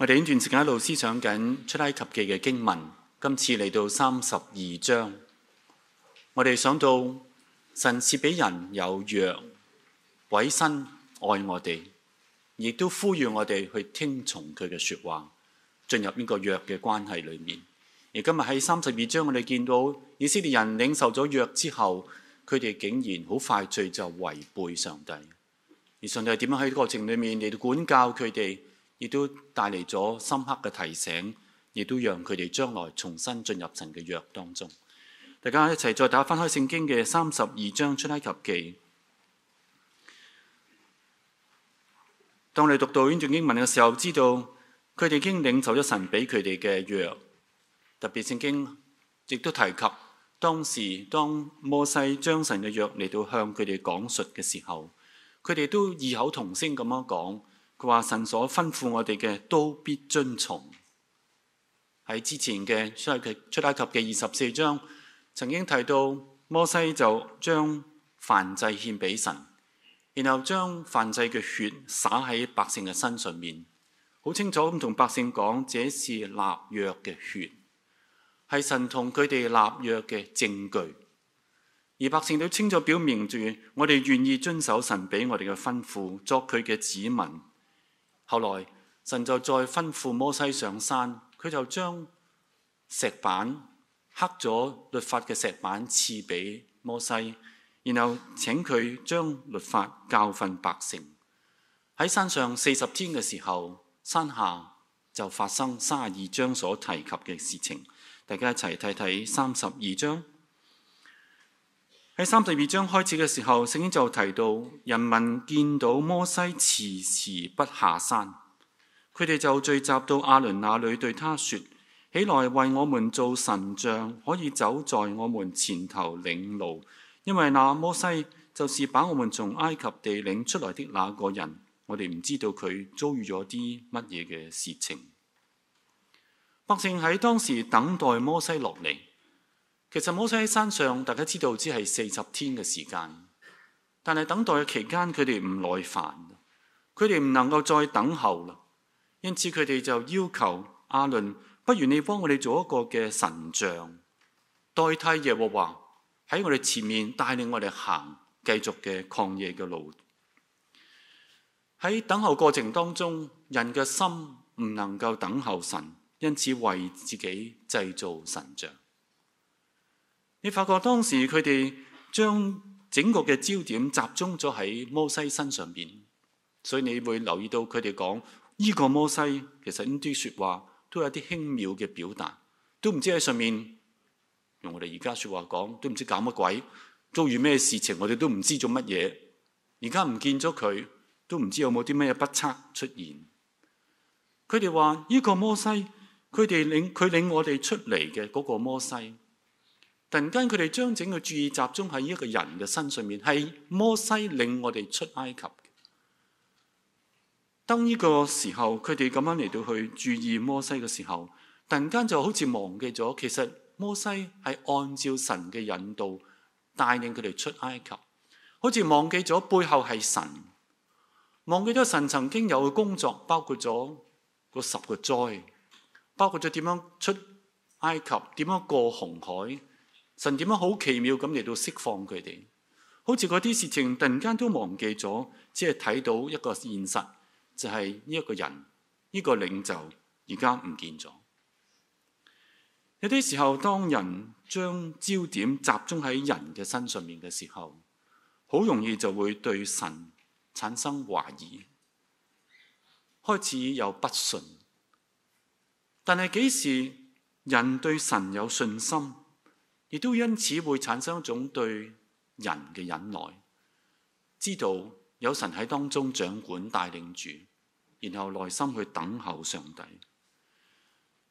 我哋呢段時間喺度思想緊出埃及記嘅經文，今次嚟到三十二章，我哋想到神賜俾人有約，委身愛我哋，亦都呼籲我哋去聽從佢嘅說話，進入呢個約嘅關係裏面。而今日喺三十二章我，我哋見到以色列人領受咗約之後，佢哋竟然好快罪就違背上帝。而上帝係點樣喺過程裏面嚟到管教佢哋？亦都帶嚟咗深刻嘅提醒，亦都讓佢哋將來重新進入神嘅約當中。大家一齊再打翻開聖經嘅三十二章出埃及記。當你讀到呢段經文嘅時候，知道佢哋已經領受咗神俾佢哋嘅約。特別聖經亦都提及，當時當摩西將神嘅約嚟到向佢哋講述嘅時候，佢哋都異口同聲咁樣講。佢話：神所吩咐我哋嘅都必遵從。喺之前嘅出埃及、出埃及嘅二十四章，曾經提到摩西就將燔祭獻俾神，然後將燔祭嘅血灑喺百姓嘅身上面，好清楚咁同百姓講：這是立約嘅血，係神同佢哋立約嘅證據。而百姓都清楚表明住，我哋願意遵守神俾我哋嘅吩咐，作佢嘅子民。後來，神就再吩咐摩西上山，佢就將石板刻咗律法嘅石板，賜俾摩西，然後請佢將律法教訓百姓。喺山上四十天嘅時候，山下就發生三十二章所提及嘅事情。大家一齊睇睇三十二章。喺三十二章開始嘅時候，聖經就提到人民見到摩西遲遲不下山，佢哋就聚集到亞倫那裏對他說：起來為我們做神像，可以走在我們前頭領路，因為那摩西就是把我們從埃及地領出來的那個人。我哋唔知道佢遭遇咗啲乜嘢嘅事情，百姓喺當時等待摩西落嚟。其實摩西喺山上，大家知道只係四十天嘅時間。但係等待嘅期間，佢哋唔耐煩，佢哋唔能夠再等候啦。因此佢哋就要求亞倫，不如你幫我哋做一個嘅神像，代替耶和華喺我哋前面帶領我哋行繼續嘅曠野嘅路。喺等候過程當中，人嘅心唔能夠等候神，因此為自己製造神像。你發覺當時佢哋將整個嘅焦點集中咗喺摩西身上邊，所以你會留意到佢哋講呢個摩西，其實呢啲說話都有啲輕妙嘅表達，都唔知喺上面，用我哋而家說話講，都唔知搞乜鬼，遭遇咩事情，我哋都唔知做乜嘢。而家唔見咗佢，都唔知有冇啲咩不測出現。佢哋話呢個摩西，佢哋領佢領我哋出嚟嘅嗰個摩西。突然間，佢哋將整個注意集中喺一個人嘅身上面，係摩西領我哋出埃及。當呢個時候，佢哋咁樣嚟到去注意摩西嘅時候，突然間就好似忘記咗，其實摩西係按照神嘅引導帶領佢哋出埃及，好似忘記咗背後係神，忘記咗神曾經有嘅工作，包括咗嗰十個災，包括咗點樣出埃及，點樣過紅海。神點樣好奇妙咁嚟到釋放佢哋？好似嗰啲事情突然間都忘記咗，只係睇到一個現實，就係呢一個人、呢個領袖而家唔見咗。有啲時候，當人將焦點集中喺人嘅身上面嘅時候，好容易就會對神產生懷疑，開始有不信。但係幾時人對神有信心？亦都因此會產生一種對人嘅忍耐，知道有神喺當中掌管帶領住，然後內心去等候上帝。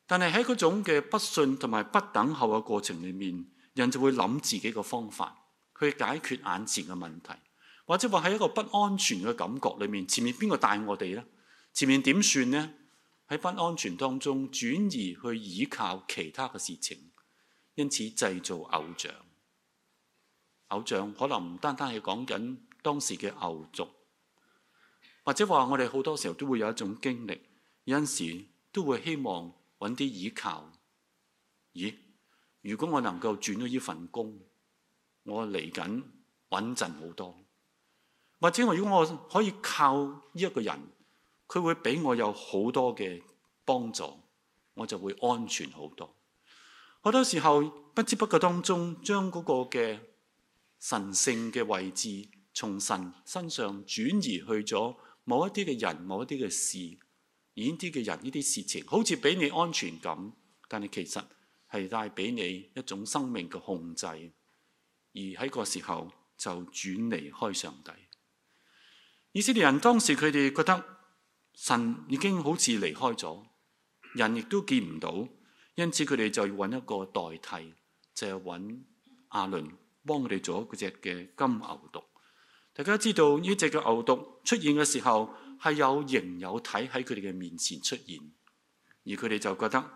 但係喺嗰種嘅不信同埋不等候嘅過程裏面，人就會諗自己嘅方法去解決眼前嘅問題，或者話喺一個不安全嘅感覺裏面，前面邊個帶我哋呢？前面點算呢？喺不安全當中轉移去依靠其他嘅事情。因此製造偶像，偶像可能唔單單係講緊當時嘅偶像，或者話我哋好多時候都會有一種經歷，有陣時都會希望揾啲倚靠。咦？如果我能夠轉咗呢份工，我嚟緊穩陣好多；或者我如果我可以靠呢一個人，佢會俾我有好多嘅幫助，我就會安全好多。好多時候，不知不覺當中，將嗰個嘅神聖嘅位置，從神身上轉移去咗某一啲嘅人，某一啲嘅事，而呢啲嘅人呢啲事情，好似俾你安全感，但係其實係帶俾你一種生命嘅控制，而喺個時候就轉離開上帝。以色列人當時佢哋覺得神已經好似離開咗，人亦都見唔到。因此佢哋就要揾一個代替，就係、是、揾亞倫幫佢哋做嗰隻嘅金牛犢。大家知道呢隻嘅牛犢出現嘅時候係有形有體喺佢哋嘅面前出現，而佢哋就覺得呢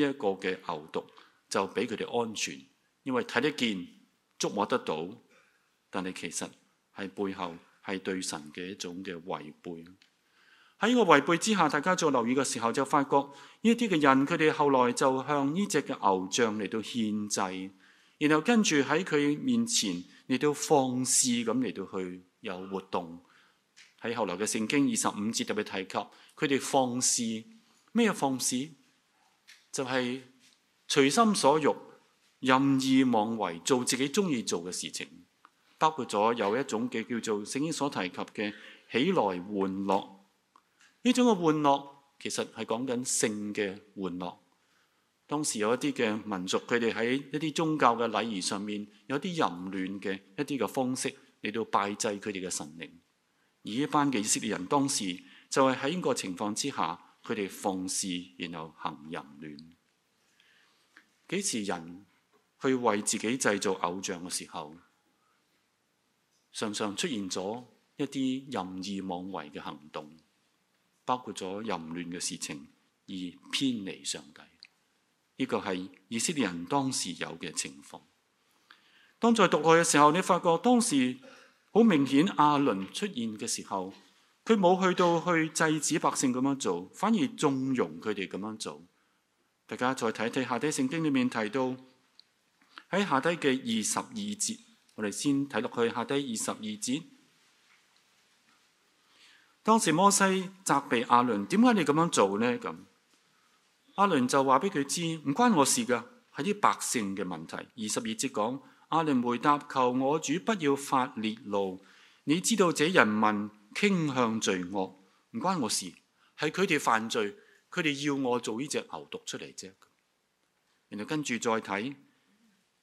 一、這個嘅牛犢就畀佢哋安全，因為睇得見、捉摸得到，但係其實係背後係對神嘅一種嘅違背。喺呢個違背之下，大家做留意嘅時候就發覺呢啲嘅人，佢哋後來就向呢隻嘅偶像嚟到獻祭，然後跟住喺佢面前嚟到放肆咁嚟到去有活動。喺後來嘅聖經二十五節特別提及，佢哋放肆咩放肆？就係、是、隨心所欲、任意妄為，做自己中意做嘅事情，包括咗有一種嘅叫做聖經所提及嘅起來玩樂。呢種嘅玩樂其實係講緊性嘅玩樂。當時有一啲嘅民族，佢哋喺一啲宗教嘅禮儀上面，有啲淫亂嘅一啲嘅方式嚟到拜祭佢哋嘅神靈。而一班嘅以色列人當時就係喺呢個情況之下，佢哋放肆，然後行淫亂。幾時人去為自己製造偶像嘅時候，常常出現咗一啲任意妄為嘅行動。包括咗淫亂嘅事情而偏離上帝，呢、這個係以色列人當時有嘅情況。當在讀佢嘅時候，你發覺當時好明顯亞倫出現嘅時候，佢冇去到去制止百姓咁樣做，反而縱容佢哋咁樣做。大家再睇睇下底聖經裏面提到喺下底嘅二十二節，我哋先睇落去下底二十二節。當時摩西責備阿倫，點解你咁樣做呢？咁阿倫就話俾佢知唔關我事噶，係啲百姓嘅問題。二十二節講阿倫回答：求我主不要發烈怒，你知道這人民傾向罪惡，唔關我事，係佢哋犯罪，佢哋要我做呢隻牛犢出嚟啫。然後跟住再睇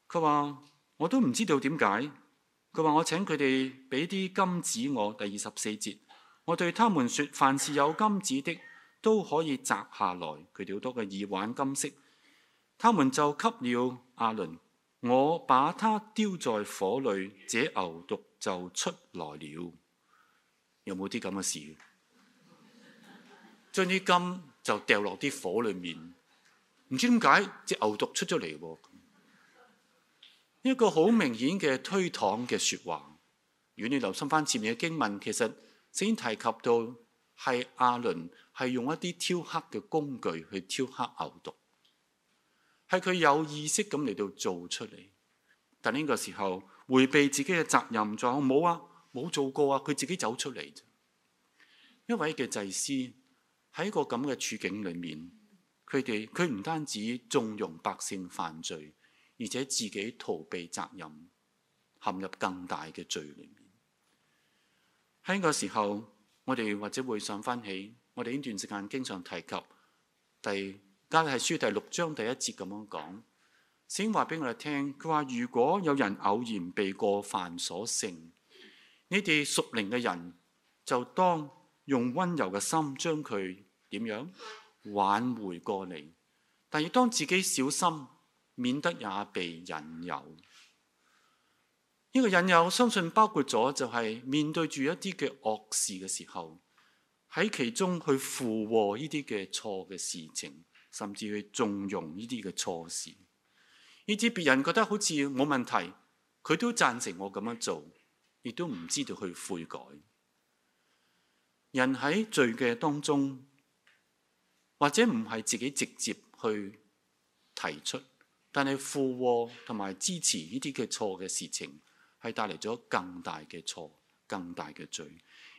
佢話我都唔知道點解。佢話我請佢哋俾啲金子我。第二十四節。我對他們說：凡是有金子的，都可以摘下來。佢哋好多嘅耳環金色，他們就給了亞倫。我把它丟在火裏，這牛犢就出來了。有冇啲咁嘅事？將啲金就掉落啲火裏面，唔知點解隻牛犢出咗嚟喎？一個好明顯嘅推搪嘅説話。如果你留心返前面嘅經文，其實先提及到係阿倫，係用一啲雕刻嘅工具去雕刻牛犢，係佢有意識咁嚟到做出嚟。但呢個時候回避自己嘅責任就冇啊，冇做過啊，佢自己走出嚟。一位嘅祭司喺個咁嘅處境裏面，佢哋佢唔單止縱容百姓犯罪，而且自己逃避責任，陷入更大嘅罪喺個時候，我哋或者會想翻起，我哋呢段時間經常提及第《加拉太書》第六章第一節咁樣講，先話俾我哋聽。佢話：如果有人偶然被過犯所勝，你哋屬靈嘅人就當用温柔嘅心將佢點樣挽回過嚟，但要當自己小心，免得也被引誘。呢個引誘，相信包括咗就係面對住一啲嘅惡事嘅時候，喺其中去附和呢啲嘅錯嘅事情，甚至去縱容呢啲嘅錯事，以至別人覺得好似冇問題，佢都贊成我咁樣做，亦都唔知道去悔改。人喺罪嘅當中，或者唔係自己直接去提出，但係附和同埋支持呢啲嘅錯嘅事情。係帶嚟咗更大嘅錯，更大嘅罪。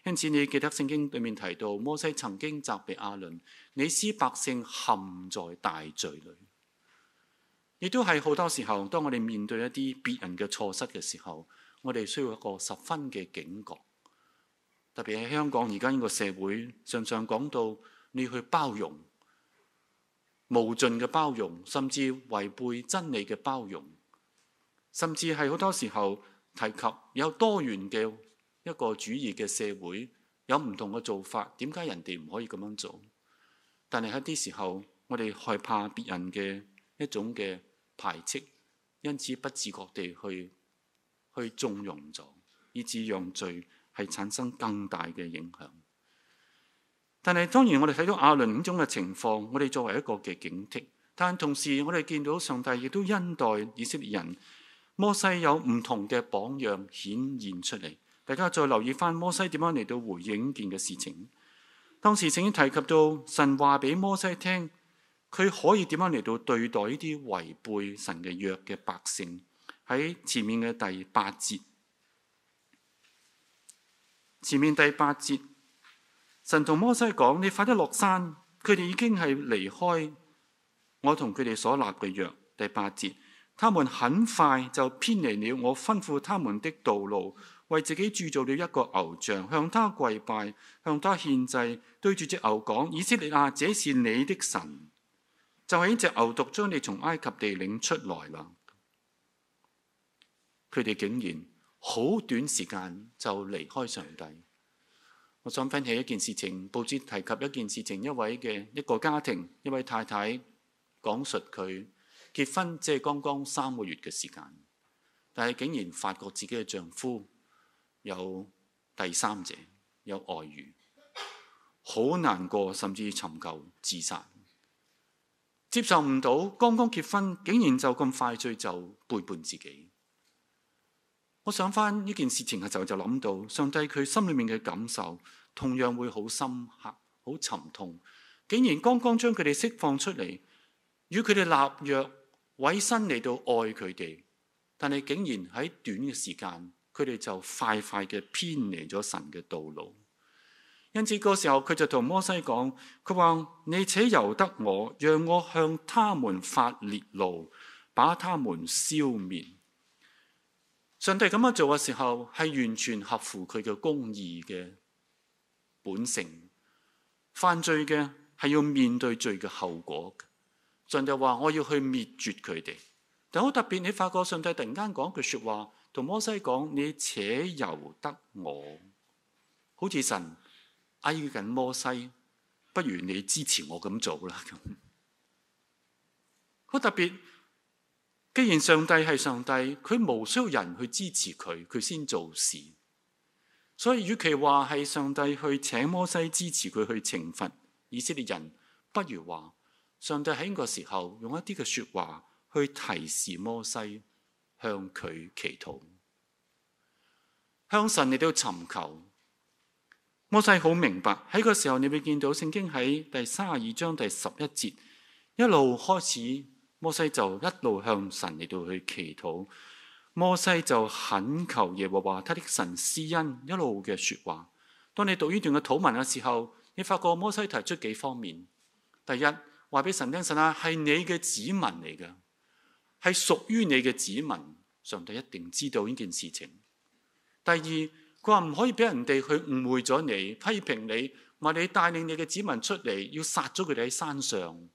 因此，你記得聖經裏面提到，摩西曾經責備亞倫：你使百姓陷在大罪裏。亦都係好多時候，當我哋面對一啲別人嘅錯失嘅時候，我哋需要一個十分嘅警覺。特別係香港而家呢個社會，常常講到你要去包容，無盡嘅包容，甚至違背真理嘅包容，甚至係好多時候。提及有多元嘅一個主義嘅社會有唔同嘅做法，點解人哋唔可以咁樣做？但係喺啲時候，我哋害怕別人嘅一種嘅排斥，因此不自覺地去去縱容咗，以致讓罪係產生更大嘅影響。但係當然，我哋睇到阿倫嗰種嘅情況，我哋作為一個嘅警惕。但同時我哋見到上帝亦都恩待以色列人。摩西有唔同嘅榜樣顯現出嚟，大家再留意翻摩西點樣嚟到回應件嘅事情。當時曾經提及到神話俾摩西聽，佢可以點樣嚟到對待呢啲違背神嘅約嘅百姓？喺前面嘅第八節，前面第八節，神同摩西講：你快啲落山，佢哋已經係離開我同佢哋所立嘅約。第八節。他們很快就偏離了我吩咐他們的道路，為自己鑄造了一個牛像，向他跪拜，向他獻祭，對住隻牛講，以色列啊，這是你的神，就係、是、喺隻牛犢將你從埃及地領出來啦。佢哋竟然好短時間就離開上帝。我想分享一件事情，報紙提及一件事情，一位嘅一個家庭，一位太太講述佢。結婚即係剛剛三個月嘅時間，但係竟然發覺自己嘅丈夫有第三者有外遇，好難過，甚至尋求自殺，接受唔到剛剛結婚竟然就咁快最就背叛自己。我想翻呢件事情嘅時候，就諗到上帝佢心裏面嘅感受同樣會好深刻、好沉痛，竟然剛剛將佢哋釋放出嚟，與佢哋立約。委身嚟到愛佢哋，但係竟然喺短嘅時間，佢哋就快快嘅偏離咗神嘅道路。因此嗰時候佢就同摩西講：佢話你且由得我，讓我向他們發烈怒，把他們消滅。上帝咁樣做嘅時候，係完全合乎佢嘅公義嘅本性。犯罪嘅係要面對罪嘅後果。上帝話我要去滅絕佢哋，但好特別，你發覺上帝突然間講句說話，同摩西講：你且由得我，好似神嗌緊摩西，不如你支持我咁做啦。咁 好特別，既然上帝係上帝，佢冇需要人去支持佢，佢先做事。所以與其話係上帝去請摩西支持佢去懲罰以色列人，不如話。上帝喺呢個時候用一啲嘅說話去提示摩西向佢祈禱，向神你都要尋求。摩西好明白喺個時候，你會見到聖經喺第三十二章第十一節一路開始，摩西就一路向神嚟到去祈禱。摩西就懇求耶和華他的神施恩一路嘅說話。當你讀呢段嘅禱文嘅時候，你發覺摩西提出幾方面，第一。話俾神聽，神啊，係你嘅子民嚟嘅，係屬於你嘅子民。上帝一定知道呢件事情。第二，佢話唔可以俾人哋去誤會咗你，批評你，話你帶領你嘅子民出嚟，要殺咗佢哋喺山上。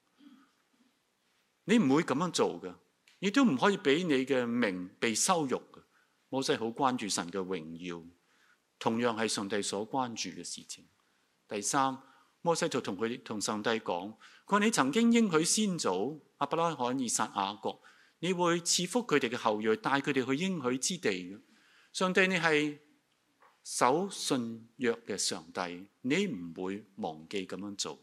你唔會咁樣做嘅，亦都唔可以俾你嘅名被羞辱嘅。摩西好關注神嘅榮耀，同樣係上帝所關注嘅事情。第三。摩西就同佢同上帝講，佢話你曾經應許先祖亞伯拉罕、以撒、雅各，你會賜福佢哋嘅後裔，帶佢哋去應許之地嘅。上帝，上帝，你係守信約嘅上帝，你唔會忘記咁樣做。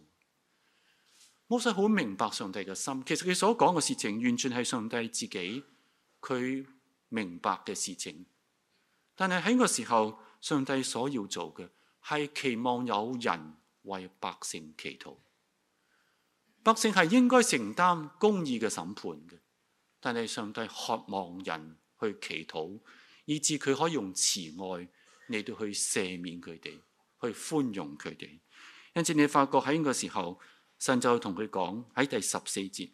摩西好明白上帝嘅心，其實佢所講嘅事情完全係上帝自己佢明白嘅事情。但係喺個時候，上帝所要做嘅係期望有人為百姓祈禱，百姓係應該承擔公義嘅審判嘅，但係上帝渴望人去祈禱，以致佢可以用慈愛嚟到去赦免佢哋，去寬容佢哋。因此你發覺喺呢個時候，神就同佢講喺第十四節。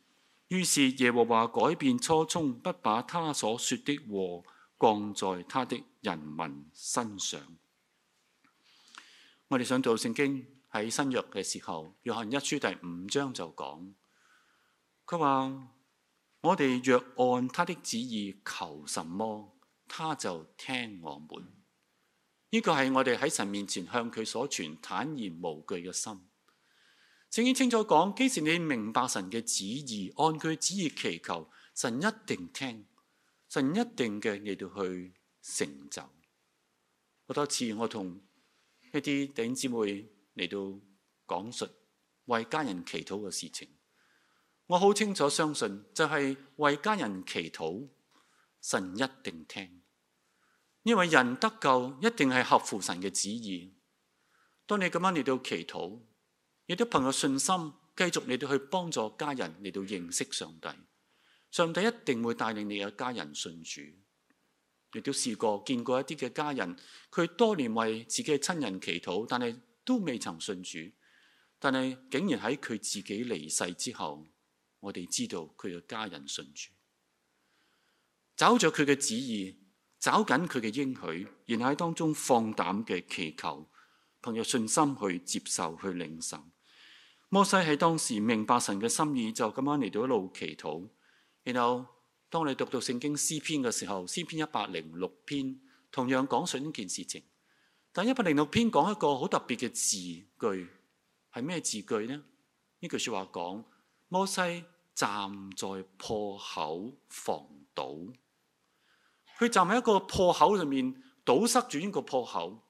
於是耶和華改變初衷，不把他所說的禍降在他的人民身上。我哋想讀聖經。喺新約嘅時候，約翰一書第五章就講，佢話我哋若按他的旨意求什麼，他就聽我們。呢個係我哋喺神面前向佢所存坦然無懼嘅心。聖經清，清楚講，既然你明白神嘅旨意，按佢旨意祈求，神一定聽，神一定嘅你哋去成就。好多次我同一啲弟兄姊妹。嚟到講述為家人祈禱嘅事情，我好清楚相信就係為家人祈禱，神一定聽，因為人得救一定係合乎神嘅旨意。當你咁樣嚟到祈禱，亦都憑著信心繼續嚟到去幫助家人嚟到認識上帝，上帝一定會帶領你嘅家人信主。亦都試過見過一啲嘅家人，佢多年為自己嘅親人祈禱，但係，都未曾信主，但係竟然喺佢自己離世之後，我哋知道佢嘅家人信主，找著佢嘅旨意，找緊佢嘅應許，然後喺當中放膽嘅祈求，憑著信心去接受去領受。摩西喺當時明白神嘅心意，就咁樣嚟到一路祈禱。然後當你讀到聖經詩篇嘅時候，詩篇一百零六篇同樣講述呢件事情。但一百零六篇講一個好特別嘅字句，係咩字句呢？呢句説話講摩西站在破口防堵，佢站喺一個破口裏面，堵塞住呢個破口，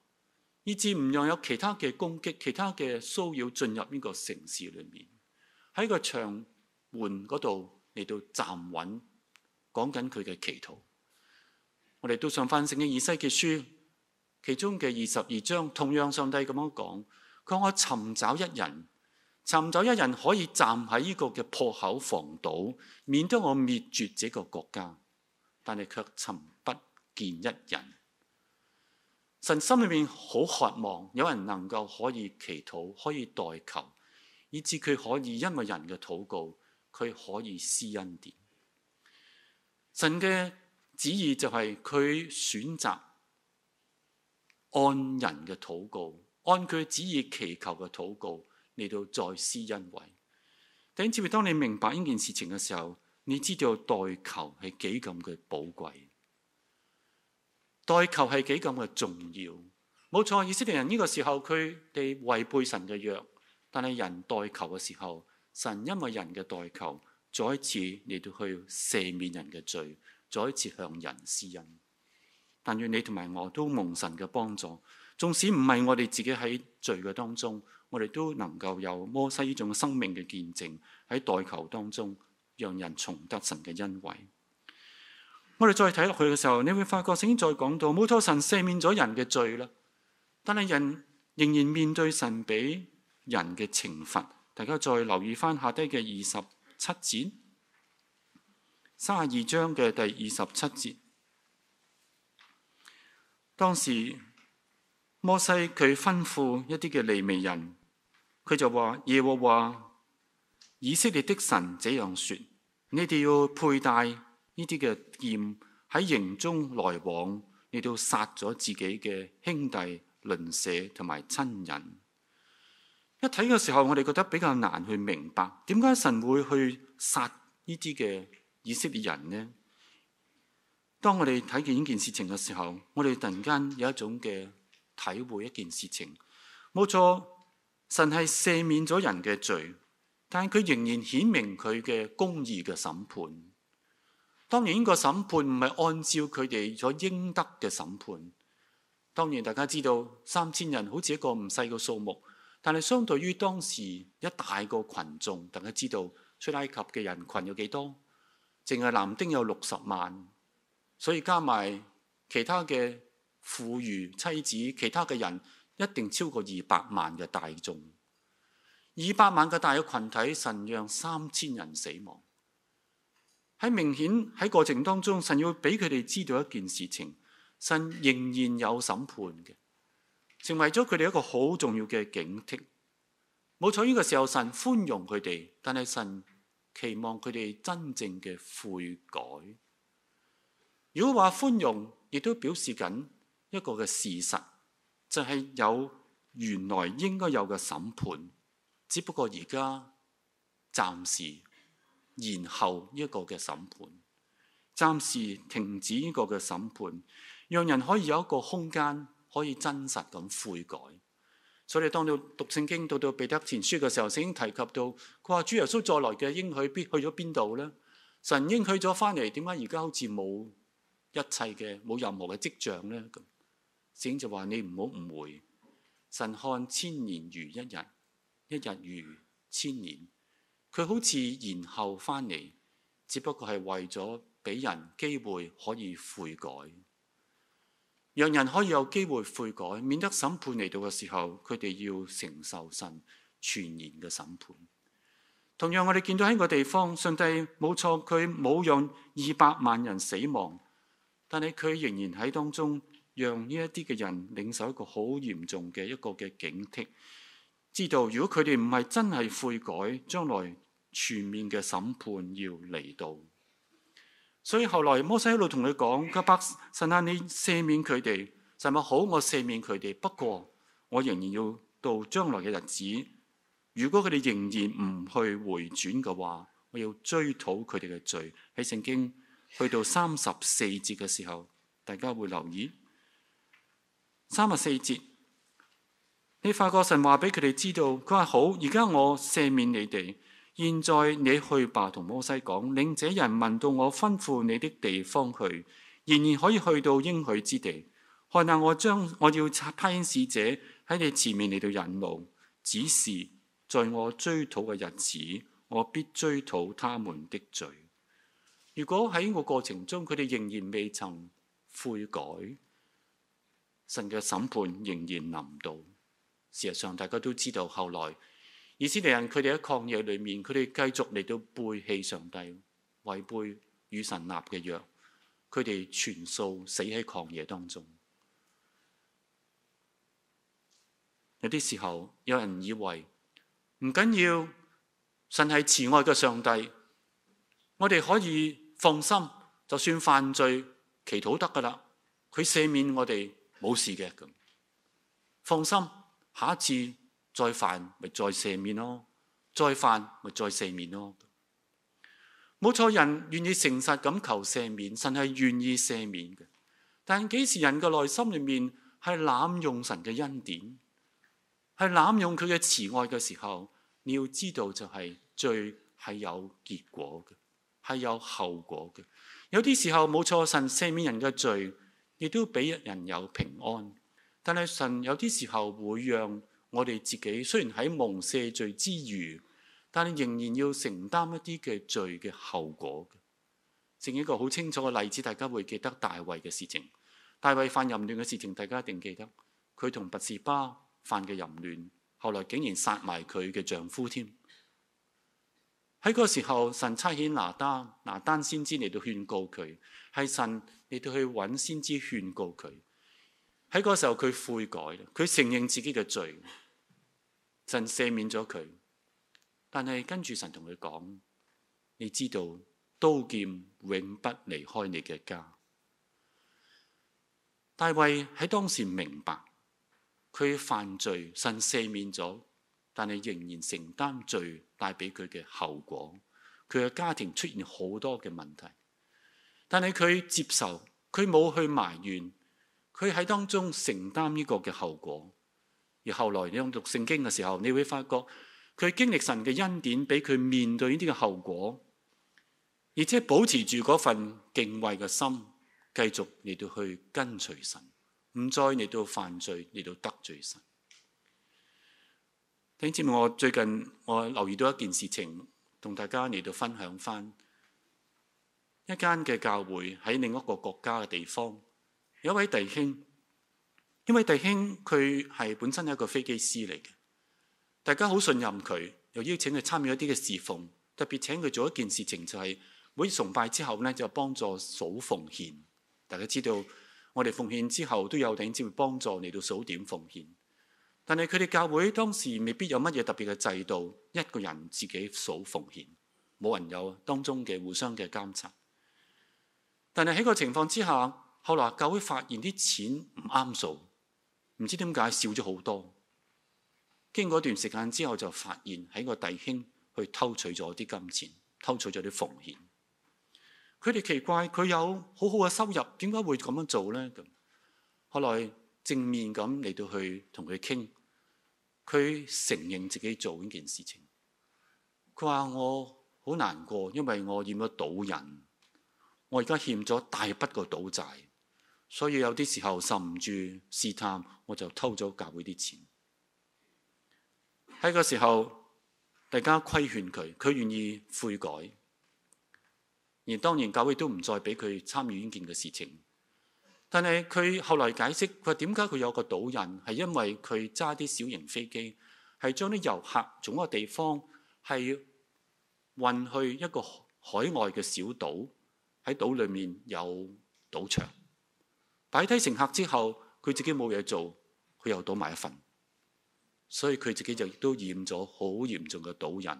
以至唔讓有其他嘅攻擊、其他嘅騷擾進入呢個城市裏面。喺個牆門嗰度嚟到站穩，講緊佢嘅祈禱。我哋都上返聖經以西結書。其中嘅二十二章，同樣上帝咁樣講：佢話我尋找一人，尋找一人可以站喺呢個嘅破口防堵，免得我滅絕這個國家。但係卻尋不見一人。神心裏面好渴望有人能夠可以祈禱、可以代求，以致佢可以因為人嘅禱告，佢可以施恩典。神嘅旨意就係佢選擇。按人嘅禱告，按佢旨意祈求嘅禱告嚟到再施恩惠。頂住，當你明白呢件事情嘅時候，你知道代求係幾咁嘅寶貴，代求係幾咁嘅重要。冇錯，以色列人呢個時候佢哋違背神嘅約，但係人代求嘅時候，神因為人嘅代求，再一次嚟到去赦免人嘅罪，再一次向人施恩。但願你同埋我都蒙神嘅幫助，縱使唔係我哋自己喺罪嘅當中，我哋都能夠有摩西呢種生命嘅見證喺代求當中，讓人重得神嘅恩惠。我哋再睇落去嘅時候，你會發覺聖經再講到，冇錯，神赦免咗人嘅罪啦，但係人仍然面對神俾人嘅懲罰。大家再留意翻下低嘅二十七節，三十二章嘅第二十七節。當時摩西佢吩咐一啲嘅利未人，佢就話：耶和華以色列的神這樣說，你哋要佩戴呢啲嘅劍喺營中來往，嚟到殺咗自己嘅兄弟、鄰舍同埋親人。一睇嘅時候，我哋覺得比較難去明白，點解神會去殺呢啲嘅以色列人呢？當我哋睇見呢件事情嘅時候，我哋突然間有一種嘅體會。一件事情冇錯，神係赦免咗人嘅罪，但係佢仍然顯明佢嘅公義嘅審判。當然，呢個審判唔係按照佢哋所應得嘅審判。當然，大家知道三千人好似一個唔細嘅數目，但係相對於當時一大個群眾，大家知道出埃及嘅人群有幾多？淨係男丁有六十萬。所以加埋其他嘅婦孺妻子，其他嘅人一定超過二百萬嘅大眾，二百萬嘅大嘅群體，神讓三千人死亡。喺明顯喺過程當中，神要俾佢哋知道一件事情：神仍然有審判嘅，成為咗佢哋一個好重要嘅警惕。冇錯，呢個時候神寬容佢哋，但係神期望佢哋真正嘅悔改。如果話寬容，亦都表示緊一個嘅事實，就係、是、有原來應該有嘅審判，只不過而家暫時延後呢一個嘅審判，暫時停止呢個嘅審判，讓人可以有一個空間可以真實咁悔改。所以當你讀聖經到到彼得前書嘅時候，聖經提及到佢話：主耶穌再來嘅應許必去咗邊度咧？神應許咗翻嚟，點解而家好似冇？一切嘅冇任何嘅跡象咧，咁神就話，你唔好誤會。神看千年如一日，一日如千年。佢好似延後翻嚟，只不過係為咗俾人機會可以悔改，讓人可以有機會悔改，免得審判嚟到嘅時候，佢哋要承受神全然嘅審判。同樣，我哋見到喺個地方，上帝冇錯，佢冇讓二百萬人死亡。但係佢仍然喺當中，讓呢一啲嘅人領受一個好嚴重嘅一個嘅警惕，知道如果佢哋唔係真係悔改，將來全面嘅審判要嚟到。所以後來摩西一路同佢講，個伯，神啊，你赦免佢哋，神話好，我赦免佢哋，不過我仍然要到將來嘅日子，如果佢哋仍然唔去回轉嘅話，我要追討佢哋嘅罪。喺聖經，去到三十四節嘅時候，大家會留意三十四節。你發覺神話俾佢哋知道，佢話好，而家我赦免你哋。現在你去吧，同摩西講，領這人問到我吩咐你的地方去，仍然可以去到應許之地。看哪，我將我要差派使者喺你前面嚟到引路，只是在我追討嘅日子，我必追討他們的罪。如果喺呢個過程中，佢哋仍然未曾悔改，神嘅審判仍然臨到。事實上，大家都知道，後來以色列人佢哋喺曠野裏面，佢哋繼續嚟到背棄上帝，違背與神立嘅約，佢哋全數死喺曠野當中。有啲時候，有人以為唔緊要，神係慈愛嘅上帝，我哋可以。放心，就算犯罪，祈禱得㗎喇，佢赦免我哋冇事嘅。咁放心，下一次再犯咪再赦免咯，再犯咪再赦免咯。冇錯，人願意誠實咁求赦免，神係願意赦免嘅。但幾時人嘅內心裏面係濫用神嘅恩典，係濫用佢嘅慈愛嘅時候，你要知道就係罪係有結果嘅。係有後果嘅，有啲時候冇錯，神赦免人嘅罪，亦都俾人有平安。但係神有啲時候會讓我哋自己，雖然喺蒙赦罪之餘，但係仍然要承擔一啲嘅罪嘅後果。正一個好清楚嘅例子，大家會記得大衛嘅事情。大衛犯淫亂嘅事情，大家一定記得，佢同拔士巴犯嘅淫亂，後來竟然殺埋佢嘅丈夫添。喺嗰個時候，神差遣拿單，拿單先知嚟到勸告佢，係神嚟到去揾先知勸告佢。喺嗰時候，佢悔改，佢承認自己嘅罪，神赦免咗佢。但係跟住神同佢講，你知道刀劍永不離開你嘅家。大衛喺當時明白，佢犯罪，神赦免咗。但係仍然承擔罪帶俾佢嘅後果，佢嘅家庭出現好多嘅問題。但係佢接受，佢冇去埋怨，佢喺當中承擔呢個嘅後果。而後來你用讀聖經嘅時候，你會發覺佢經歷神嘅恩典，俾佢面對呢啲嘅後果，而且保持住嗰份敬畏嘅心，繼續嚟到去跟隨神，唔再嚟到犯罪，嚟到得罪神。弟兄姊妹我最近我留意到一件事情，同大家嚟到分享翻。一間嘅教會喺另一個國家嘅地方，有一位弟兄。呢位弟兄佢係本身係一個飛機師嚟嘅，大家好信任佢，又邀請佢參與一啲嘅侍奉，特別請佢做一件事情就係、是、每崇拜之後呢，就幫助數奉獻。大家知道我哋奉獻之後都有弟兄姊妹幫助嚟到數點奉獻。但係佢哋教會當時未必有乜嘢特別嘅制度，一個人自己數奉獻，冇人有當中嘅互相嘅監察。但係喺個情況之下，後來教會發現啲錢唔啱數，唔知點解少咗好多。經過一段時間之後，就發現喺個弟兄去偷取咗啲金錢，偷取咗啲奉獻。佢哋奇怪，佢有好好嘅收入，點解會咁樣做呢？咁後來。正面咁嚟到去同佢傾，佢承認自己做呢件事情。佢話：我好難過，因為我染咗賭癮，我而家欠咗大筆個賭債，所以有啲時候受唔住試探，我就偷咗教會啲錢。喺個時候，大家規勸佢，佢願意悔改。而當然，教會都唔再俾佢參與呢件嘅事情。但係佢後來解釋，佢話點解佢有個賭癮，係因為佢揸啲小型飛機，係將啲遊客從嗰個地方係運去一個海外嘅小島，喺島裡面有賭場，擺低乘客之後，佢自己冇嘢做，佢又賭埋一份，所以佢自己就都染咗好嚴重嘅賭癮。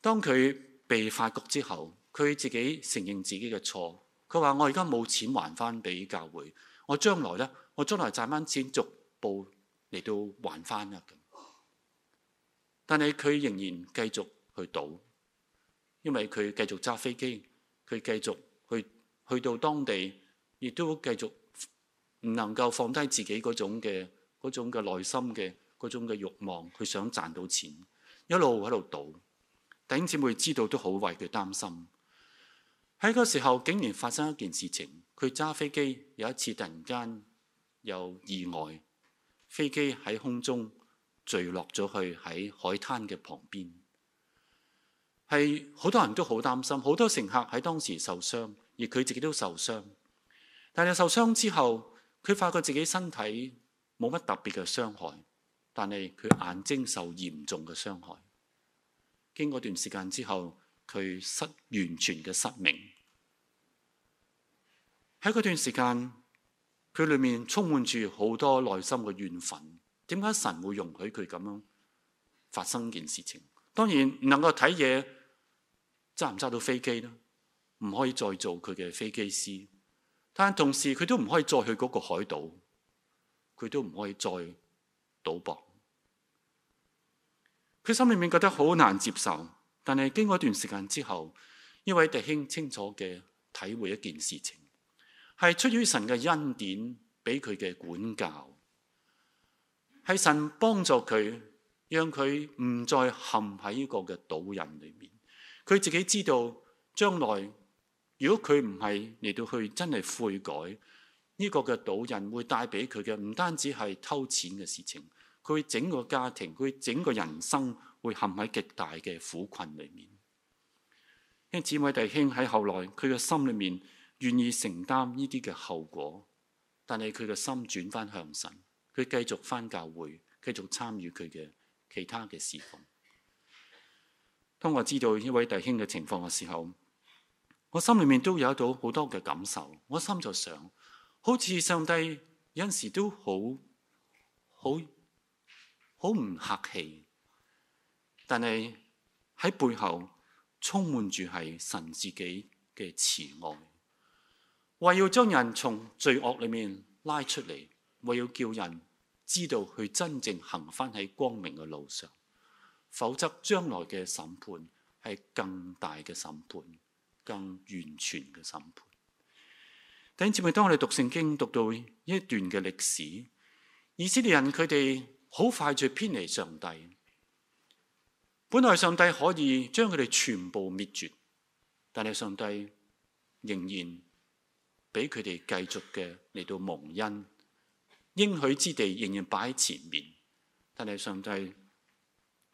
當佢被發覺之後，佢自己承認自己嘅錯。佢話：我而家冇錢還翻俾教會，我將來呢，我將來賺翻錢逐步嚟到還翻啦。但係佢仍然繼續去賭，因為佢繼續揸飛機，佢繼續去去到當地，亦都繼續唔能夠放低自己嗰種嘅嗰種嘅內心嘅嗰種嘅慾望，佢想賺到錢，一路喺度賭。弟兄姊妹知道都好為佢擔心。喺嗰時候，竟然發生一件事情。佢揸飛機有一次突然間有意外，飛機喺空中墜落咗去喺海灘嘅旁邊，係好多人都好擔心，好多乘客喺當時受傷，而佢自己都受傷。但係受傷之後，佢發覺自己身體冇乜特別嘅傷害，但係佢眼睛受嚴重嘅傷害。經過段時間之後。佢失完全嘅失明，喺嗰段時間，佢裏面充滿住好多內心嘅怨憤。點解神會容許佢咁樣發生件事情？當然，能夠睇嘢，揸唔揸到飛機呢？唔可以再做佢嘅飛機師。但係同時，佢都唔可以再去嗰個海島，佢都唔可以再賭博。佢心裏面覺得好難接受。但係經過一段時間之後，呢位弟兄清楚嘅體會一件事情，係出於神嘅恩典俾佢嘅管教，係神幫助佢，讓佢唔再陷喺呢個嘅賭癮裏面。佢自己知道將來如果佢唔係嚟到去真係悔改，呢、這個嘅賭癮會帶俾佢嘅唔單止係偷錢嘅事情。佢整個家庭，佢整個人生會陷喺極大嘅苦困裏面。因為呢位弟兄喺後來，佢嘅心裏面願意承擔呢啲嘅後果，但係佢嘅心轉翻向神，佢繼續翻教會，繼續參與佢嘅其他嘅事奉。當我知道呢位弟兄嘅情況嘅時候，我心裏面都有一度好多嘅感受。我心就想，好似上帝有陣時都好好。好唔客氣，但係喺背後充滿住係神自己嘅慈愛，為要將人從罪惡裏面拉出嚟，為要叫人知道佢真正行翻喺光明嘅路上。否則將來嘅審判係更大嘅審判，更完全嘅審判。弟兄姊妹，當我哋讀聖經讀到一段嘅歷史，以色列人佢哋，好快就偏離上帝。本來上帝可以將佢哋全部滅絕，但係上帝仍然俾佢哋繼續嘅嚟到蒙恩。應許之地仍然擺喺前面，但係上帝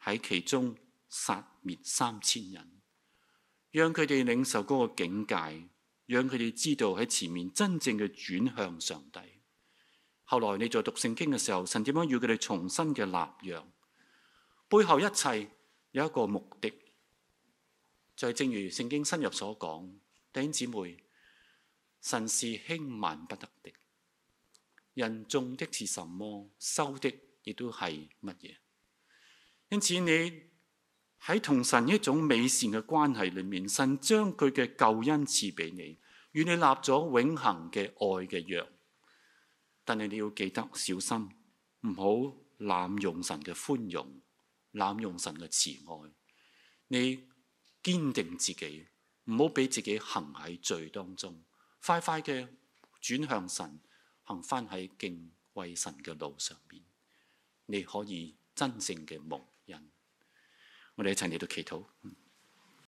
喺其中殺滅三千人，讓佢哋領受嗰個境界，讓佢哋知道喺前面真正嘅轉向上帝。後來你在讀聖經嘅時候，神點樣與佢哋重新嘅立約？背後一切有一個目的，就是正如聖經深入所講，弟兄姊妹，神是輕慢不得的。人種的是什麼，收的亦都係乜嘢。因此你喺同神一種美善嘅關係裏面，神將佢嘅救恩賜俾你，與你立咗永恆嘅愛嘅約。但係你要記得小心，唔好濫用神嘅寬容，濫用神嘅慈愛。你堅定自己，唔好俾自己行喺罪當中，快快嘅轉向神，行翻喺敬畏神嘅路上面，你可以真正嘅蒙恩。我哋一齊嚟到祈禱。